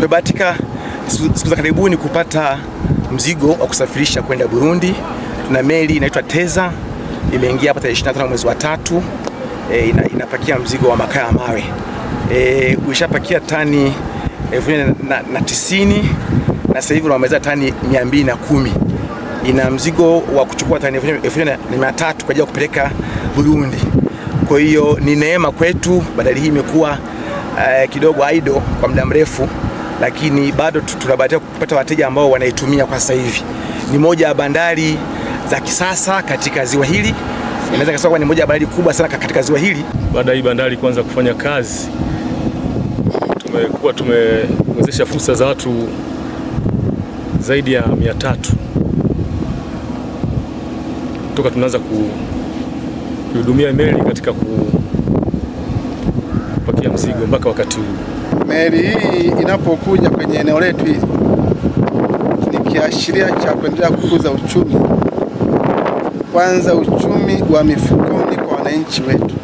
tumebahatika siku za karibuni kupata mzigo wa kusafirisha kwenda Burundi. Tuna meli inaitwa Teza imeingia hapa tarehe 25 mwezi wa tatu. E, ina, inapakia mzigo wa makaa ya mawe e, ulishapakia tani elfu na, na, na tisini na sasa hivi wameza tani 210. Ina mzigo wa kuchukua tani elfu na mia tatu kwa ajili ya kupeleka Burundi. Kwa hiyo ni neema kwetu, bandari hii imekuwa uh, kidogo aido kwa muda mrefu lakini bado tunabahatika kupata wateja ambao wanaitumia kwa sasa hivi. Ni moja ya bandari za kisasa katika ziwa hili, inaweza kusema ni moja ya bandari kubwa sana katika ziwa hili. Baada ya hii bandari kuanza kufanya kazi, tumekuwa tumewezesha fursa za watu zaidi ya mia tatu toka tunaanza kuhudumia meli katika kupakia mzigo mpaka wakati huu meli hii inapokuja kwenye eneo letu hili ni kiashiria cha kuendelea kukuza uchumi, kwanza uchumi wa mifukoni kwa wananchi wetu.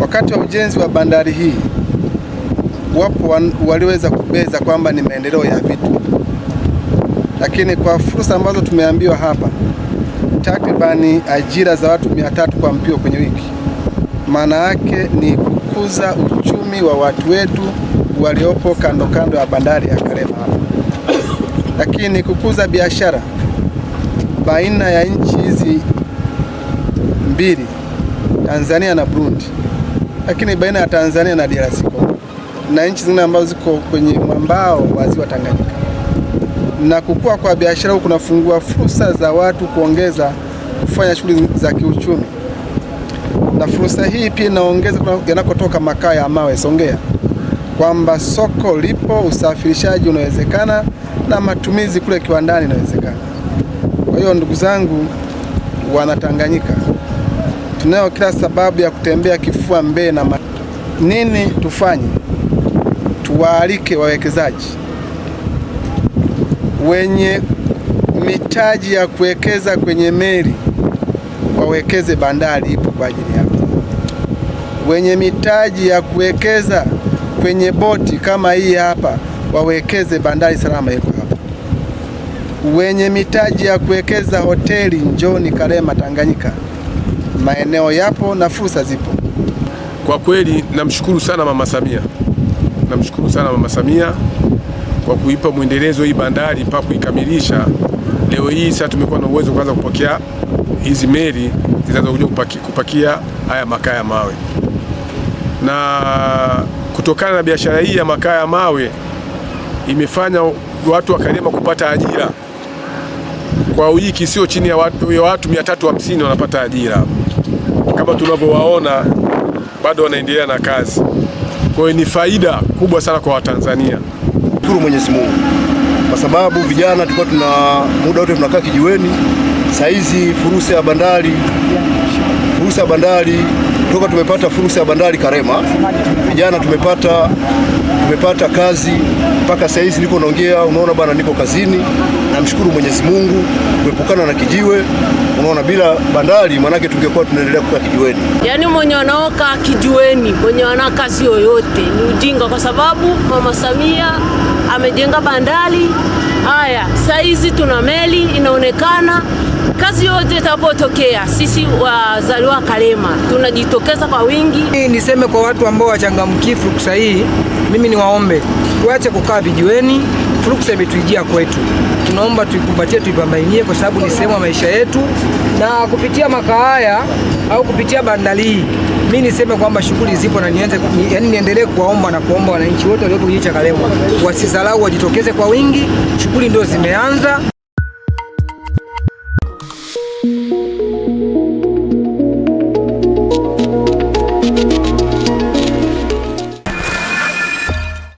Wakati wa ujenzi wa bandari hii wapo waliweza kubeza kwamba ni maendeleo ya vitu, lakini kwa fursa ambazo tumeambiwa hapa, takribani ajira za watu mia tatu kwa mpio kwenye wiki, maana yake ni kukuza uchumi uchumi wa watu wetu waliopo kando kando ya bandari ya Karema hapa. Lakini kukuza biashara baina ya nchi hizi mbili, Tanzania na Burundi, lakini baina ya Tanzania na DRC Congo na nchi zingine ambazo ziko kwenye mwambao wa ziwa Tanganyika. Na kukua kwa biashara huku kunafungua fursa za watu kuongeza kufanya shughuli za kiuchumi na fursa hii pia inaongeza yanakotoka makaa ya mawe Songea, kwamba soko lipo, usafirishaji unawezekana na matumizi kule kiwandani inawezekana. Kwa hiyo ndugu zangu Wanatanganyika, tunayo kila sababu ya kutembea kifua mbele na ma... nini tufanye? Tuwaalike wawekezaji wenye mitaji ya kuwekeza kwenye meli wawekeze, bandari ipo kwa ajili yao wenye mitaji ya kuwekeza kwenye boti kama hii hapa wawekeze bandari salama iko hapa. Wenye mitaji ya kuwekeza hoteli, njoni Karema, Tanganyika, maeneo yapo na fursa zipo. Kwa kweli namshukuru sana mama Samia, namshukuru sana mama Samia kwa kuipa mwendelezo hii bandari mpaka kuikamilisha. Leo hii sasa tumekuwa na uwezo kuanza kupokea hizi meli zinazokuja kupakia haya makaa ya mawe na kutokana na biashara hii ya makaa ya mawe imefanya watu wa Karema kupata ajira kwa wiki, sio chini ya watu, ya watu 350 wanapata ajira kama tunavyowaona bado wanaendelea na kazi. Kwa hiyo ni faida kubwa sana kwa Watanzania. Shukuru Mwenyezi Mungu kwa sababu vijana tulikuwa tuna muda wote tunakaa kijiweni, saizi fursa ya bandari fursa ya bandari toka tumepata fursa ya bandari Karema, vijana tumepata tumepata kazi mpaka saa hizi niko naongea, unaona bana, niko kazini. Namshukuru Mwenyezi Mungu kuepukana na kijiwe, unaona, bila bandari manake tungekuwa tunaendelea kukaa kijiweni. Yaani mwenye wanaoka kijiweni, mwenye wana kazi yoyote ni ujinga, kwa sababu Mama Samia amejenga bandari. Haya, saa hizi tuna meli inaonekana kazi yote itapotokea, sisi wazaliwa Kalema tunajitokeza kwa wingi. Mimi niseme kwa watu ambao wachangamkifu fursa hii, mimi niwaombe tuache kukaa vijiweni. Fursa imetuijia kwetu, tunaomba tuikumbatie, tuipambainie kwa sababu ni sehemu ya maisha yetu, na kupitia makaa haya au kupitia bandari hii mi niseme kwamba shughuli zipo na nianze yani niendelee kuwaomba na kuomba wananchi wote waliopo kijiji cha Kalema wasizalau, wajitokeze kwa wingi. Shughuli ndio zimeanza.